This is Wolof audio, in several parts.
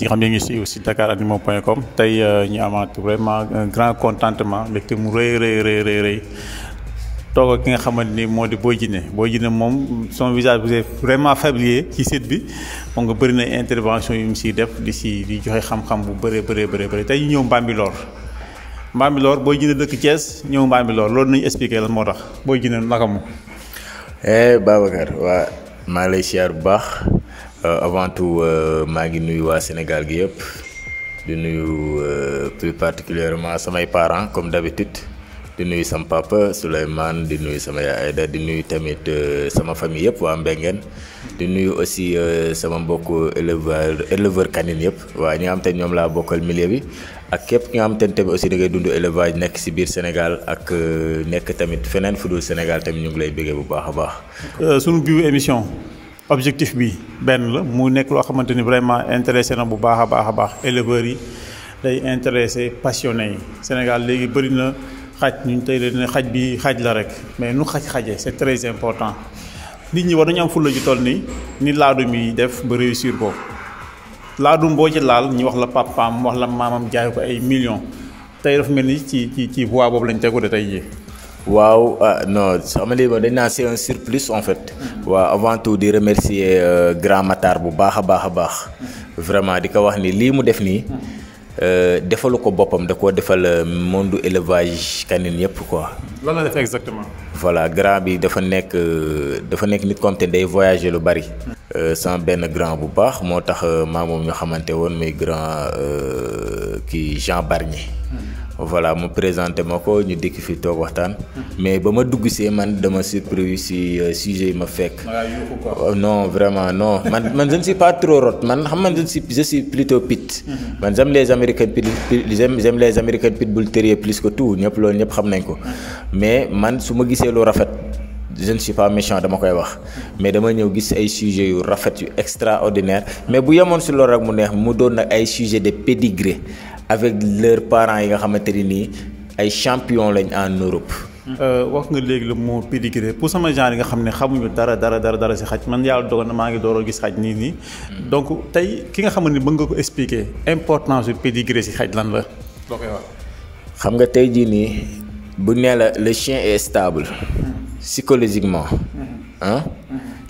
ñi xam ne ngi si aussi dakar animaux point com tey euh, ñu amaat vraiment un grand contentement mu rëy rëy rëy rëy toog ak ki nga xamante ni moo di boo Djiné Boy Djiné moom son visage vous vraiment familier ci site bi moom nga bëri na intervention yu mu siy def di si di joxe xam-xam bu bëree bëree bëree bëri tey ñu ñëw Mbambilor Mbambilor boo Djiné dëkk Thiès ñëw Mbambilor loolu nañu expliqué lan moo tax Boy Djiné naka mu. Eh, Babacar waa maa lay siyaar bu baax. Euh, avant tout je euh, suis nuyu au Sénégal Je euh, suis plus particulièrement mes parents comme d'habitude di nuyu papa Suleiman, di nuyu sama à Aïda di nuyu tamit sama famille aussi à mon éleveur éleveur canin. milieu aussi da ngay élevage suis ci Sénégal émission. objectif bi benn la mu nekk loo xamante ni vraiment intéressé na bu baax a baax a baax éleveurs yi day intéressé passionnés yi Sénégal léegi bëri na xaj ñu tey leen xaj bi xaj la rek mais nu xaj-xaje c'est très important nit ñi war nañu am fulla ju toll ni ni laadum yi def ba réussir ko laadum boo ci laal ñu wax la papaam wax la maamam jaay ko ay millions tey dafa mel ni ci ci ci voie boobu lañ tegu de tey jii Wow, ah, non c'est un surplus en fait avant tout de remercier euh, grand Matar bu a vraiment di ni mu euh, euh, monde élevage l'élevage. yëpp Voilà, exactement. voilà grand bi dafa nekk dafa nekk nit comme bari. grand bu baax suis un grand Jean Barnier voilà mu présenté mako ñu dik fi tok waxtan mais bama dugg ci man dama surprise si euh, sujet yi ma fek euh, non vraiment non man man je ne suis pas trop rot man xam man je suis je suis plutôt pit. Mhm. man j'aime les américains pit j'aime j'aime les américains pitbull terrier plus que tout ñep lool ñep xam nañ ko mais man suma ma lo rafet. je ne suis pas méchant dama koy wax mais dama ñëw gis ay sujets yu rafet yu extraordinaire mais bu yemoon si loolu rek mu neex mu doon ay sujet de pedigree avec leurs parents yi nga xamante ni ay champion lañ en Europe. euh wax nga légui le moo pedigree pour sama genre yi nga xamné xamuñu dara dara dara dara ci xaj man yàlla dogal ma ngi dooroo gis xaj ni ni donc tay ki nga xam ne nga ko expliquer importance du pedigree ci xaj lan la. wax xam nga tay ji ni bu nee la le chien est stable. psychologiquement. hein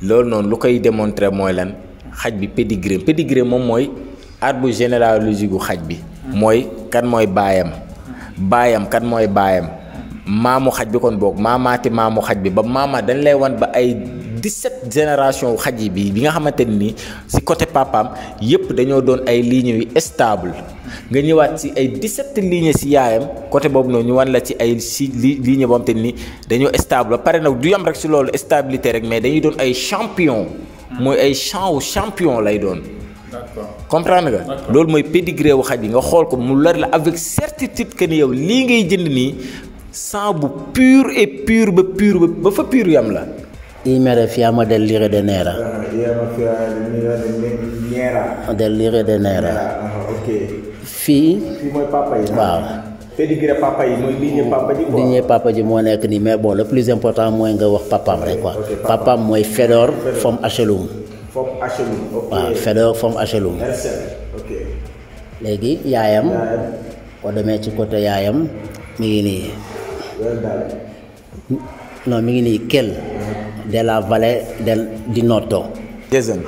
lool non lu koy démontrer moy lan xaj bi pedigree pedigree mom moy arbre généalogique gu xaj bi. mooy kan mooy baayam baayam kan mooy baayam maamu xaj bi kon boog maamaati maamu xaj bi ba maamaat dañ lay wan ba ay 17 génération xaj yi bi bi nga xamante ni ci côté papaam yépp dañoo doon ay lignes yu stable nga ñëwaat ci ay 17 lignes ci yaayam côté boobu noonu ñu wan la ci ay ci ligne boo xamante ni dañoo stable ba pare nag du yam rek si loolu stabilité rek mais dañuy doon ay champion mooy ay champ champion lay doon comprendre nga. loolu pédigré nga xol ko mu leer la avec certitude que ni yow li ngay jënd ni sang bu pur et pur ba pur ba fa pur yam la. del lire de nera. Ah, del lire de nera. Ah, ah, ok. fi papa yi. waaw. pédigré papa yi moy ligne papa di quoi Ligne papa nekk ni mais bon le plus important moy nga wax papa rek quoi. Papa, moy Fedor Fom Achelum. Fom HLM. ok waaw Faidherbe léegi yaayam. yaayam demee ci côté yaayam mi ngi nii. non mi ngi nii Kell. de la vallée del di Notto. Jason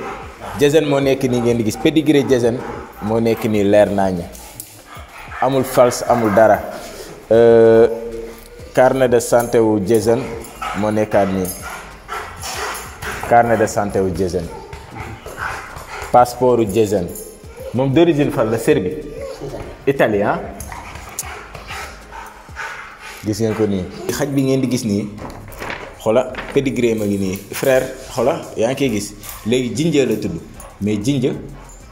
Jason moo nekk nii ngeen di gis pedigree Jason moo nekk nii leer nañu amul fals amul dara euh, carnet de santé wu Jason moo nekkaat nii carnet de santé wu Jason. passeport Diégane moom d'origine fan la Serbie italien ah. gis ngeen ko nii xaj bi ngeen di gis nii xola pédigré ma ngi nii frère xola yaa ngi koy gis léegi jinjeer la tudd mais jinje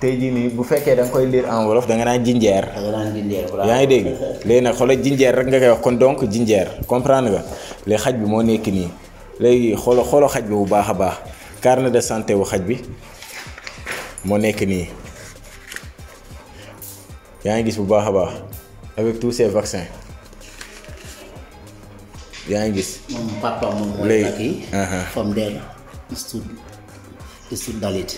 tey ji nii bu fekkee da nga koy lire en wolof da nga naan jinjeer yaa ngi dégg léegi nag xola jinjeer rek nga koy wax kon donc jinjeer comprendre nga léegi xaj bi moo nekk nii léegi xolo xolo xaj bi bu baax a baax carnet de santé wu xaj bi moo nekk nii yaa ngi gis bu baax a baax avec tous ces vaccins yaa ngi gis. moom papa moom mooy nag yi. femme de stud stud dalit.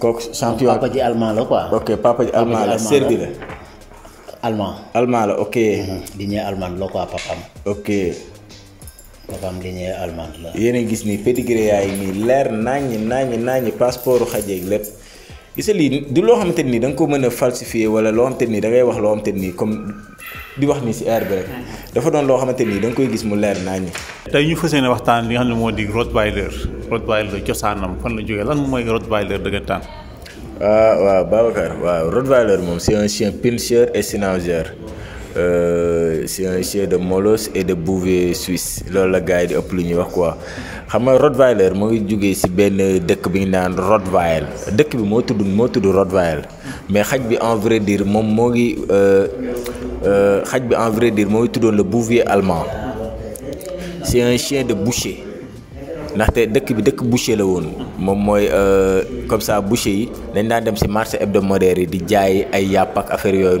kooku. champion papa ji allemand la quoi. ok papa ji allemand la serbi la. allemand. allemand la ok. Mhm. di allemand la quoi papaam. ok. dafa am lignée allemande la. yéen gis ni pédigré yaay nii leer naññi naññi naññi passeport xajeeg lépp gis lii du loo xamante ni da nga ko mën a falsifier wala loo xamante ni da ngay wax loo xamante ni comme di wax ni si air rek. dafa doon loo xamante ni danga koy gis mu leer naññi. tey ñu fas yéene waxtaan li xam ne moo di Rottweiler Rottweiler cosaanam fan la jógee lan mooy Rottweiler dëggantaan. ah waaw Babacar waaw Rottweiler moom c'est un chien et schnauzer. Euh, c'est un chien de molosse et de bouvier suisse loolu la gars de plus ëpp quoi xam Rottweiler mu ngi jugee ci ben dëkk bi ñu naan Rottweil dëkk bi moo tudd moo tudd mais xaj bi en vrai dire mon moo quand euh, euh, xaj bi en vrai dire moo tout le bouvier allemand c'est un chien de boucher ndaxte dëkk bi boucher la woon moom mooy comme ça boucher yi dañ daan dem ci marché hebdomadaire yi di jaay ay yàpp affaire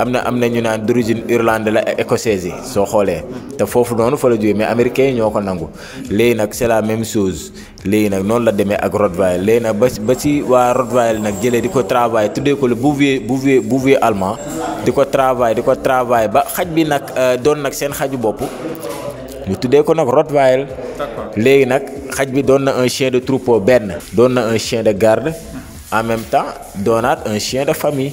amna amna na ñu naan d'origine Irlande la écossaise yi soo te fofu nonu fa la mais Américain, ñoko nangu léegi nak c'est la même chose léegi nak non la demee ak Rottweiler léegi nag ba ci wa Rottweiler nak jëlee diko ko travail ko le bouvier bouvier bouvier allemand diko quoi travail di quoi travail ba xaj bi nag euh, doon nag seen xaju bop ñu tuddee ko nak Rottweiler léegi nag xaj bi don na un chien de troupeau ben Donne na un chien de garde en même temps donne un chien de famille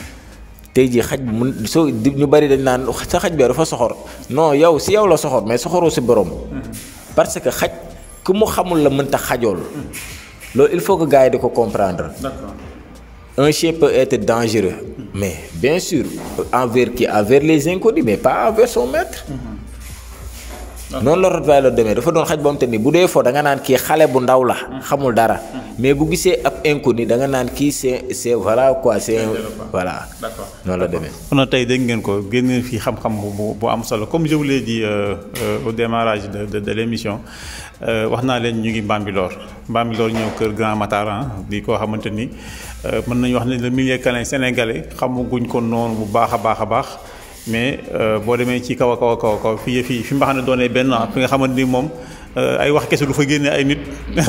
tayji jii xaj bi ñu bari dañ nan sa xaj bi dafa soxor non yow si yow la soxor mais soxoroo si borom. parce que xaj ku mu xamul la mën ta xajol lo il faut que gars yi di ko comprendre. d'accord. un chien peut être dangereux. mais bien sûr envers qui envers les inconnus mais pas envers son maître. noonu la rottweiler demee dafa doon xaj boo te ni bu dee fo danga naan kii xale bu ndaw la hmm. xamul dara hmm. mais bu gisee ab inconnu da nga naan kii c'est c'est voilà quoi c'est voilà noonu la demee kon tey dégg ngeen ko génn fii xam-xam bu bu am solo comme je vous l'ai euh, euh, au démarrage de de émission euh, wax naa leen ñu ngi Bambilor Bambilor ñëw kër Grand Matar di koo xamante ni mën nañu wax ne le milieu canin sénégalais xamaguñ ko noonu bu baax a baax a baax mais euh, boo demee ci kaw a kaw a kaw a kaw fii fii fi mbaxam ne doonee benn fi nga xamante ni moom euh, ay wax kese du fa génne ay nit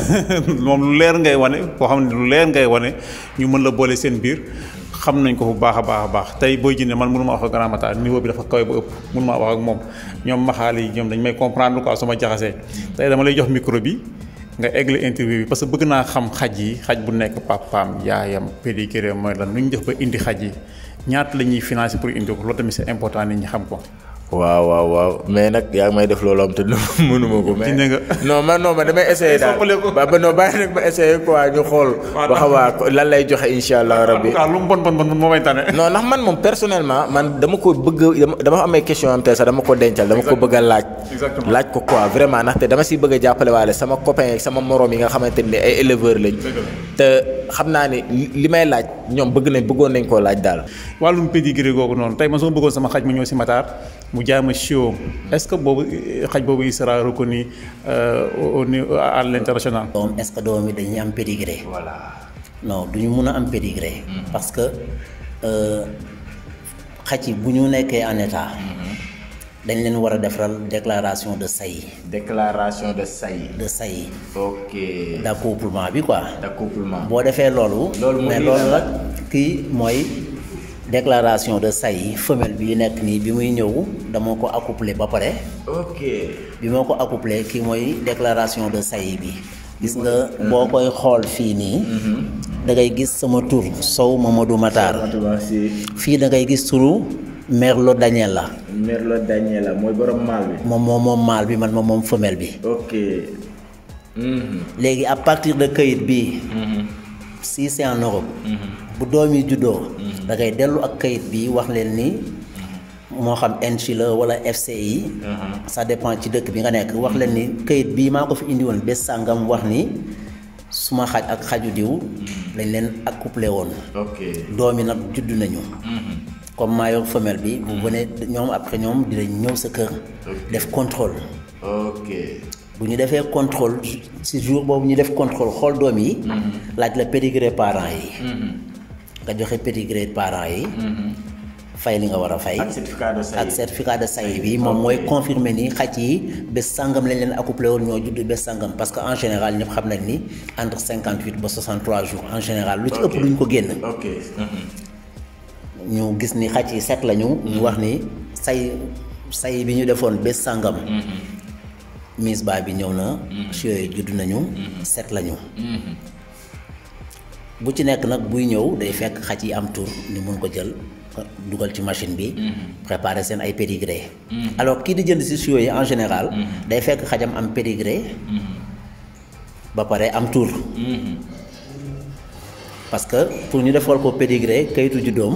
moom lu leer ngay wane koo xam ne lu leer ngay wane ñu mën la boole seen biir xam nañ ko bu baax a baax a baax tey Boy Djiné man mënu ma wax ak bi dafa kawe ba ëpp mënu ma wax ak moom ñoom maxaale yi ñoom dañ may comprendre quoi su jaxasee tey dama lay jox micro bi nga eggle interview bi parce que bëgg naa xam xaj yi xaj bu nekk papaam yaayam pédicure mooy lan nu ñu def ba indi xaj yi ñaata la ñuy financé pour indi ko loolu tamit c'est important nit ñi xam ko. waaw waaw waaw mais nag yaa ngi may def loolu am te mënuma ko. mais non man non man damay essayer daal ba ba non bàyyi nag ma essayer quoi ñu xool. ba xam waa lan lay joxe incha allah rabbi. lu mu bon bon bon moo may tane. non ndax man moom personnellement man dama ko bëgg dama am ay question am tey sax dama ko dencal dama ko bëgg a laaj. laaj ko quoi vraiment ndaxte dama si bëgg a jàppale waale sama copain yeeg sama morom yi nga xamante ne ay éleveur lañ. te xam naa ne li may laaj ñoom bëgg nañ bëggoon nañ koo laaj daal. wàllum pédigré googu noonu tey ma soo bëggoon sama xaj ma ñëw si Matar mu jaama chiom est-ce que boobu eh, xaj boobu il sera reconnu euh, au niveau à l'international. doom est-ce que doom yi dañuy am pédigré. voilà non duñu mun a am pédigré. Mm-hmm. parce que euh, xaj yi bu ñu nekkee en état. Mm-hmm. dañ leen war a defaral déclaration de saillie. déclaration de saillie. de say ok. d'accouplement bi quoi. d'accouplement boo defee loolu. loolu mais loolu nag kii mooy. déclaration de saillie femelle bi nek ni bi muy ñëw dama ko accouplé ba paré ok bi moko accouplé déclaration de Saïe. bi. gis nga bokoy xol fi ni mhm. da ngay gis sama tour saw Mamadou Matar. fi da ngay gis Merlo Daniela. Merlo Daniela moy borom mal bi. mom mom moom bi man femelle bi. ok. Mhm. à partir de bi. Mhm. si c'est en Europe. bu doomi da ngay dellu ak kayit bi wax leen ni moo xam NCI la wala FCI. Mhm. ça dépend ci dëkk bi nga nekk wax leen ni kayit bii maa ko fi indi woon bés sàngam wax ni suma xaj ak xaju diw. Mhm. lañ leen ak couplé woon. ok doom yi nag judd nañu. Mhm. comme maa yor femelle bi. bu bone ñoom après ñoom dinañ ñëw sa kër. def contrôle. ok bu ñu defee contrôle si jour boobu ñu def contrôle xool doom yi. laaj la pédigré parents yi nga joxe petit grade parents yi. Mm-hmm. fay li nga war a fay. ak certificat de say ak certificat de say bi moom mooy confirmer ni xaj yi bés sangam lañ leen accouplé woon ñoo judd bés sangam parce que en général ñëpp xam nañ ni entre 58 ba 63 jours en général. lu ci ëpp duñ ko génn. ok mm-hmm. ñu gis ni xaj yi set lañu. ñu mm-hmm. wax ni say say bi ñu defoon bés sangam. mise baa bi ñëw na. si yooyu judd nañu. set lañu. bu ci nekk nag buy ñëw day fekk xaj yi am tur ni mun ko jël dugal ci machine bi mhm. préparer seen ay pédigré mhm. alors kii di jënd si siyo yi en général mhm. day fekk xajam am pédigré ba pare am tur parce que pour ñu defal ko pédigré kayitu doom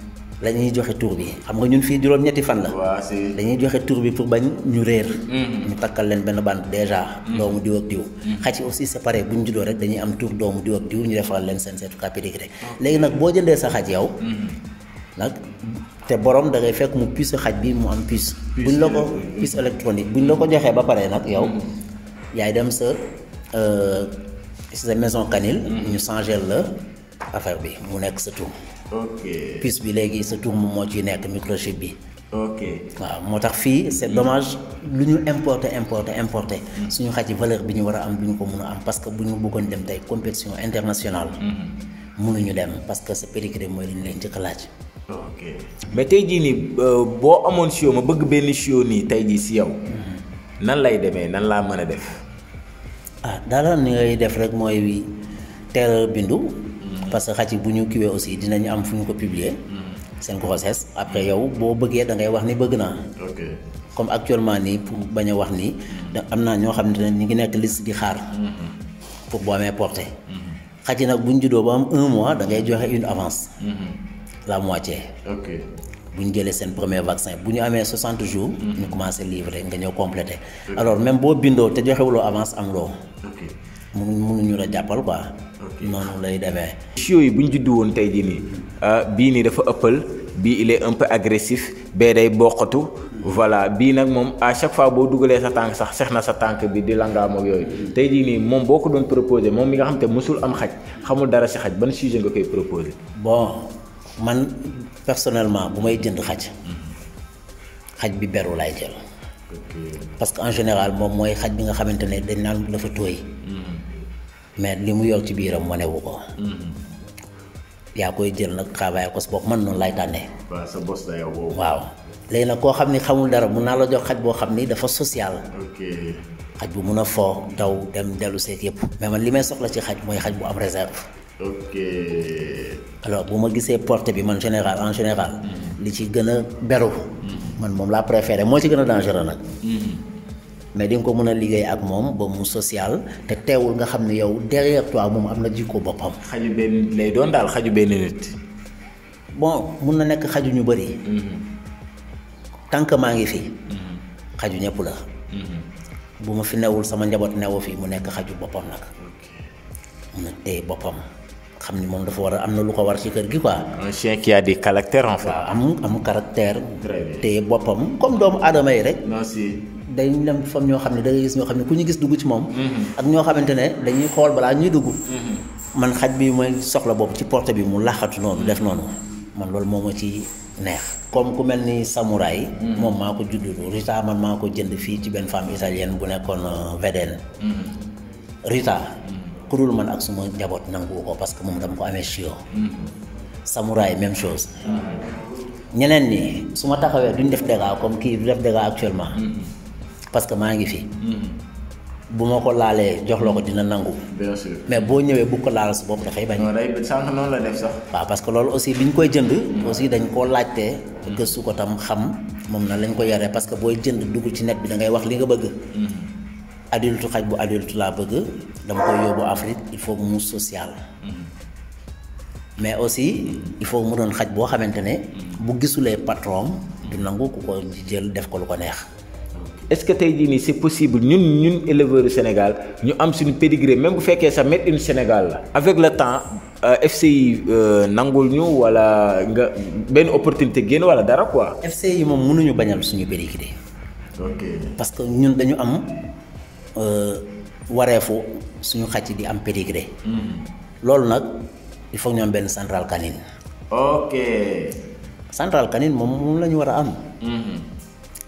lañuy joxe tour bi xam nga ñun fii juróom-ñetti fan la. dañuy joxe tour bi pour bañ ñu réer. Mm-hmm. ñu takkal leen benn bande déjà. Mm-hmm. doomu diw ak diw. Mm-hmm. xaj aussi c'est pareil bu ñu rek dañuy am tour doomu diw ak diw ñu defal leen seen certificat rek léegi nag boo jëndee sa xaj yow. nag te borom da ngay fekk mu puce xaj bi mu am puce. buñ la ko puce électronique buñ la ko joxee ba pare nag yow. yaay dem sa euh, sa maison canine. ñu changer la affaire bi mu nekk sa tour ok puce bi léegi surtout mo moom ci nek microchip bi. ok Wa motax fi c'est dommage lu ñu importer importer importé. Hmm. suñu xaj valeur bi ñu war am du ko mun am parce que buñu ñu bëggoon dem tay compétition internationale. mënuñu hmm. dem parce que c'est pédigré moy li ñu leen njëkk a ok mais tey jii nii euh, boo amoon show ma bëgg benn show nii tey jii si yow. Hmm. nan lay demee nan laa mën a def. ah dara ni ngay def rek mooy teel a bindu parce que xaj bu ñu kiwee aussi dinañu am fu ko publier. Hmm. seen grossesse après yow bo bëggee da ngay wax ni bëgg OK. comme actuellement ni pour baña wax ni, hmm. amna ño xamni ñoo xam ngi nek liste di xaar. Hmm. pour bo amé porté. xaj nag bu ñu juddoo ba am 1 mois da ngay joxé une avance. la moitié. ok Buñ jëlé sen premier vaccin buñ amé 60 jours. ñu commencé livrer nga ñeu compléter. alors même boo bindoo te wulo avance am lo. ok Mënu ñu la jappal quoi noonu lay demee. si yooyu bu ñu juddu woon tey jii nii ah, bii nii dafa ëppal bii il est un peu agressif bee day boqatu. voilà bii nag moom à chaque fois boo dugalee sa tànk sax sex na sa tànk bi di langaam ak yooyu tey jii nii moom boo ko doon proposé moom mi nga xam te mosul am xaj xamul dara si xaj ban sujet nga koy proposé. bon man personnellement bu may jënd xaj xaj bi beru laay jël parce que en général moom mooy xaj bi nga xamante ne dañ naan dafa tooy. Hmm. mais li mu yoon ci biiram wane wu ko. Mm-hmm. yaa koy jël nag travail ko sa man noonu lay tànnee. waaw sa waaw léegi nag koo xam ni xamul dara mun naa la jox xaj boo xam ni dafa social. xaj bu mun a foo daw dem dellu seeg yëpp. mais man li may soxla ci xaj mooy xaj bu am réserve. ok. bu ma gisee porte bi man général en général. Mm-hmm. li ci gën a beru. Mm-hmm. man moom laa préféré moo ci gën a dangereux nag. mais di ko mën a liggéey ak moom ba mu social te teewul nga xam ne yow derrière toi moom am na jikko boppam. xaju benn nit lay doon daal xaju benn nit. bon mun na nekk xaju ñu bëri. Mm-hmm. tant que maa ngi fi. Mm-hmm. xaju ñëpp la. Mm-hmm. bu ma fi newul sama njaboot newu fi mu nekk xaju boppam nag. mun a téye boppam. xam ni moom dafa war a am na lu ko war ci kër gi quoi. un chien am am téye boppam comme doomu aadama yi rek. day dem fam ñoo xam ne da ngay gis ñoo xam ne ku ñu gis dugg ci moom. Mm-hmm. ak ñoo xamante ne dañuy xool balaa ñuy dugg. Mm-hmm. man xaj bi mooy soxla boobu ci porte bi mu laxatu noonu def noonu man loolu moom ma ci neex. comme ku mel ni samouraay. Mm-hmm. moom maa ko juddu Rita man maa ko jënd fii ci benn femme italienne bu nekkoon euh, VDN. Rita. ku dul man ak suma njaboot nangu ko parce que moom dama ko amee chio. samouraay même chose. ñeneen ñi su ma taxawee duñ def dégâts comme kii du def actuellement. parce que maa ngi fi. Mm-hmm. bu ma ko laalee jox la ko mm-hmm. dina nangu. mais boo ñëwee bu ko laal su bopp dafay bañ. non day sànq noonu la def sax. waaw parce que loolu aussi bi ñu koy jënd. Mm-hmm. aussi dañ koo laajtee. gëstu ko tam xam moom na lañ ko yoree parce que booy jënd dugg ci net bi da ngay wax li nga bëgg. adulte xaj bu adulte laa bëgg dama koy yóbbu Afrique il faut mu social. mais aussi il faut mu doon xaj boo xamante ne. bu gisulee patron du nangu ku ko jël def ko lu ko neex est-ce que tay jii nii c'est possible ñun ñun éleveurs Sénégal ñu am suñu pedigree même bu fekkee ça, mettre une Sénégal la avec le temps euh, FCI euh, nangul ñu wala nga benn opportunité génn wala dara quoi. FCI moom mënuñu bañal suñu pedigree. ok parce que ñun dañu am euh, wareefu suñu xàcc di am pedigree. Hmm. loolu nag il faut ñu am benn central canine. ok. Central canine moom moom la ñu war a am. Hmm.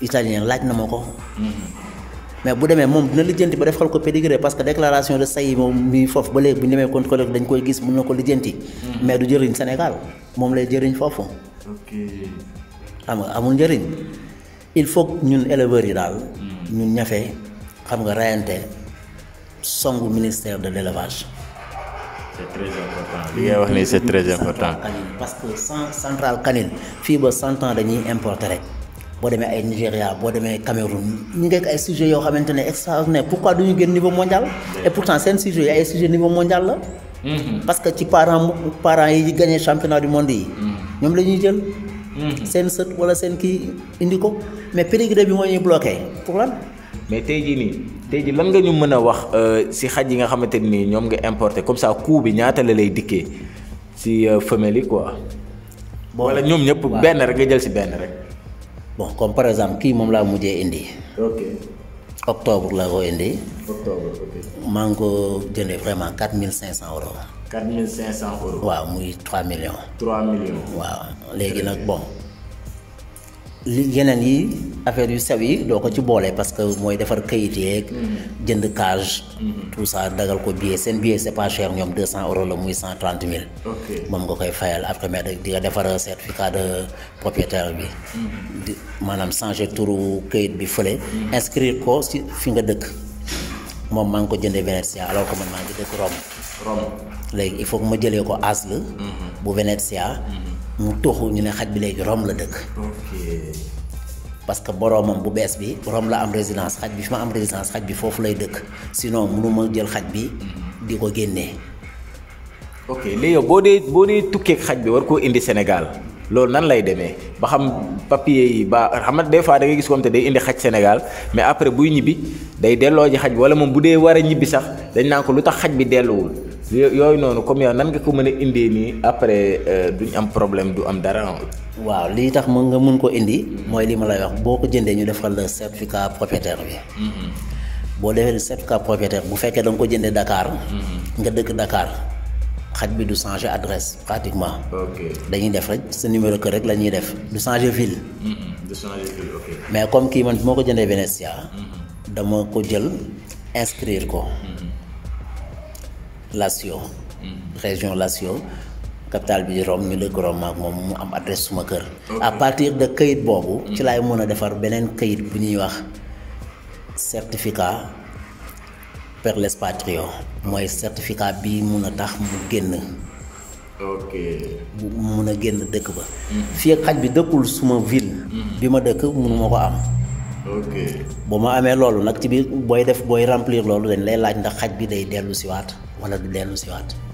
italien laaj na ma ko. Mhm. mais bu demee moom dina lijjanti ba defal ko pédigré parce que déclaration de saillie moom mi foofu ba léegi bu ñu demee contrôlé dañ koy gis mun na ko lijjanti. Mhm. mais du jëriñ Sénégal moom lay jëriñ foofu. ok xam nga amul njëriñ il faut ñun éleveurs yi daal. Mhm. ñun ñafe xam nga rayante songu ministère de l' élevage. très important li ngay wax nii c' est très important. parce que centrale canine fii ba cent ans dañuy importer rek. boo demee ay Nigéria boo demee Cameroun ñu ngi ak ay sujets yoo xamante ne extraordinaire pourquoi du ñu gën niveau mondial. et pourtant seen sujets yi ay sujets niveau mondial la. Mm-hmm. parce que ci parents parents yi gagné championnat du monde yi. Mm-hmm. ñoom la ñuy jël. Mm-hmm. seen sët wala seen kii indi ko mais pédigré bi moo ñuy bloqué pour lan. mais tey jii nii tey ji lan nga ñu mën a wax euh, si xaj yi nga xamante nii ñoom nga importé comme ça coût bi ñaata la lay dikkee si euh, femelle quoi. wala ñoom ñëpp benn rek nga jël si benn rek. bon comme par exemple qui m'a la indi ok octobre ok. ko indi octobre ok de ko vraiment 4500 euros 4500 euros Oui.. muy 3 millions 3 millions Wow. légui nak bon li yenen yi affaire yu sew yi doo ko ci boole parce que mooy defar kayit yeeg mm-hmm. jënd cage mm-hmm. tout ça dagal ko billet seen billet c'est pas cher ñoom 200 cent euros la muy cent trente mille moom nga koy fayal après mais di nga defar certificat de propriétaire bi mm-hmm. maanaam changer turu kayit bi fële inscrire ko si fi nga dëkk moom maa ngi ko jëndee Venetia alors que man maa ngi dëkk Rome Rome léegi il faut que ma jëlee ko Asle bu Venetia. mu toxu ñu ne xaj bi léegi Rome la dëkk parce que boromam bu bees bi borom la am résidence xaj bi fi ma am résidence xaj bi foofu lay dëkk sinon mënuma jël xaj bi di ko génnee ok léegi yow boo dee boo dee tukkeeg xaj bi war koo indi Sénégal loolu nan lay demee ba xam papier yi ba xam des fois da ngay gis comme te day indi xaj Sénégal mais après buy ñibbi day delloo ji xaj bi wala moom bu dee war a ñibbi sax dañ naan ko lu tax xaj bi delluwul yooyu noonu comme yow nan nga ko mën a indee nii après euh, duñ am problème du am dara waaw li tax mën nga mun ko indi mooy li ma lay wax boo ko jëndee ñu defal la certificat propriétaire bi mm-hmm. boo defee certificat propriétaire bu fekkee da nga ko jëndee Dakar mm-hmm. nga dëkk Dakar xaj bi du changer adresse pratiquement dañuy def rek sa numéro kër rek la ñuy def du changer ville mm-hmm. du changer ville ok mais comme kii man moo ko jëndee Venetia dama ko jël inscrire ko Lazio région Lazio capital bi rom ñu le Rome ak mom mu am adresse suma kër. à partir de kayit boobu. Mm. ci lay mën defar benen kayit bu ñuy wax certificat per l'expatrio moy certificat bi mun tax mu génn. ok bu mun a génn dëkk ba. Mm. fii xaj bi dëkkul suma ville. Mm. bi ma dëkk mënuma ko am. ok bu ma amee loolu nag ci biir boy def boy remplir loolu dañ lay laaj ndax xaj bi day ci siwaat wala du ci siwaat.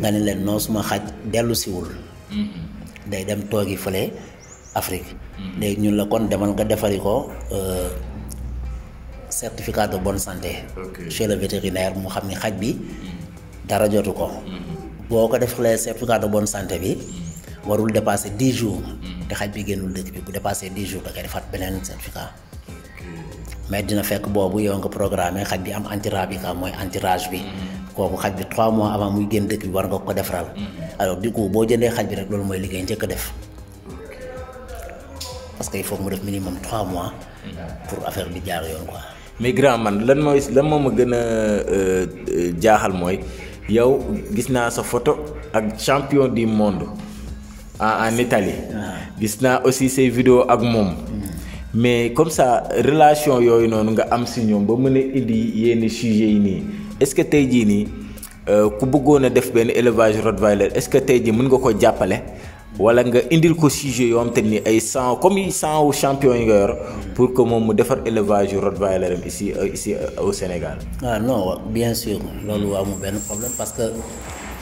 nga ne leen noo suma xaj dellusiwul siwul day dem toogi fële Afrique léegi ñun la kon demal nga defari ko euh, certificat de bonne santé chez le vétérinaire mu xam ni xaj bi dara jotu ko boo ko defalee certificat de bonne santé bi warul dépasser dix jours te xaj bi génnul dëkk bi bu dépasser dix jours da defaat beneen certificat mais dina fekk boobu yow nga programme xaj bi am antirabika mooy entirage bi kooku xajj bi 3 mois avant muy génn dëkk bi war nga ko defaral mm-hmm. alors du coup boo jëndee xaj bi rek loolu mooy liggéey njëkk def parce que il faut mu def minimum 3 mois mm-hmm. pour affaire bi jaar yoon quoi. mais grand man lan mooy lan moo ma gën a euh, euh, jaaxal mooy yow gis naa sa photo ak champion du monde en en Italie. Ah. gis naa aussi say vidéos ak moom. Mm. mais comme ça relation yooyu noonu nga am si ñoom ba mën a indi yenn sujets yi nii. est-ce que tey jii nii euh, ku bëggoon a def benn élevage rottweiler est-ce que tey jii mën nga ko jàppale wala nga indil ko sujet yoo xam te ni ay sang comme yi sangu champion yi pour que moom mu defar élevage yu rottweiler am ici euh, ici euh, au Sénégal. ah non bien sûr loolu amul benn problème parce que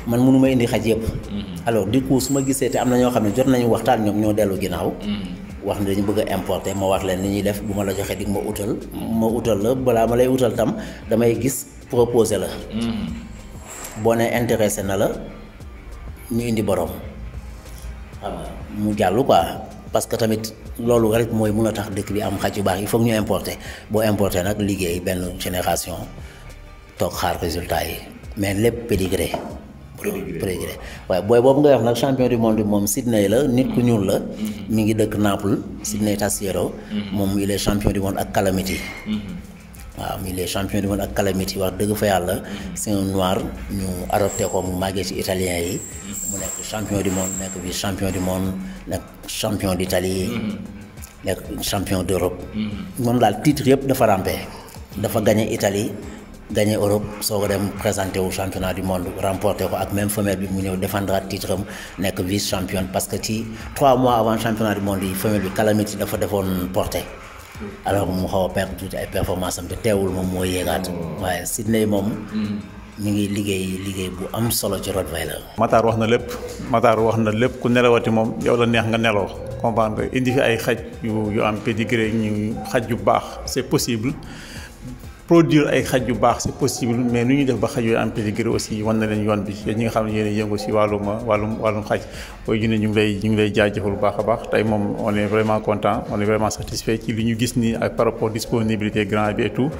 man mënu ma indi xaj yëpp. Mhm. alors di coup su ma gisee te am na ñoo xam ne jot nañu waxtaan ñoom ñoo dellu ginnaaw. Mhm. wax ne dañu bëgg a importer ma wax leen ni ñuy def bu ma la joxee di ma utal. ma balaa ma lay utal tam damay gis. proposé la. Mm. boo ne intéresé na la ñu indi borom. mu jàll quoi parce que tamit loolu rek mooy mun a tax dëkk bi am xaj yu baax il faut ñu importer boo importé nag liggéey benn génération toog xaar résultat yi mais lépp pédigré. pédigré waaye booy boobu nga wax nag champion du monde moom Sydney la nit ku mm. ñuul la. Mm-hmm. mi ngi dëkk Naples Sydney Tassiero. Mm-hmm. moom il champion du monde ak Calamity. Mm-hmm. waaw mi les champions du monde, ak calamity wax dëgg fa c'est un noir ñu adopté ko mu italien yi mu champion du monde nekk vice champion du monde nekk champion d'Italie mm-hmm. nekk champion d'Europe mm-hmm. moom le titre yëpp dafa rampé dafa gagné Italie gagné Europe soo ko dem présenté au championnat du monde remporté ko ak même femelle bi mu ñëw défendra titre am nekk vice champion parce que trois mois avant championnat du monde yi femelle bi calamity dafa defoon porté alors mu xaw a perdre tuuti ay performance am te teewul moom moo yéegaat. Mm. waaye Sydney moom. Mm. ñu ngi liggéey liggéey bu am solo ci Rottweiler. Matar wax na lépp. Matar wax na lépp ku nelawati moom yow la neex nga nelaw neloo comprendre indi fi ay xaj yu yu am pédigré ñu xaj yu baax c'est possible. produire ay xaj yu baax c'est possible mais nu ñuy def ba xaj yooyu am pedigree aussi wan na leen yoon bi yéen ñi nga xam ne yéen a yëngu si wàllum wàllum wàllum xaj booy junne ñu ngi lay ñu ngi lay jaajëfal bu baax a baax tey moom on est vraiment content on est vraiment satisfait ci li ñu gis ni ak par rapport disponibilité grand bi et tout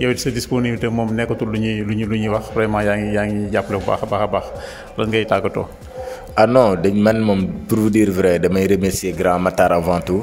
yow sa disponibilité moom nekkatul lu ñuy lu ñuy lu ñuy wax vraiment yaa ngi yaa ngi jàppale bu baax a baax a baax lan ngay tàggatoo. ah non dañ man moom pour vous dire vrai damay remercier grand Matar avant tout.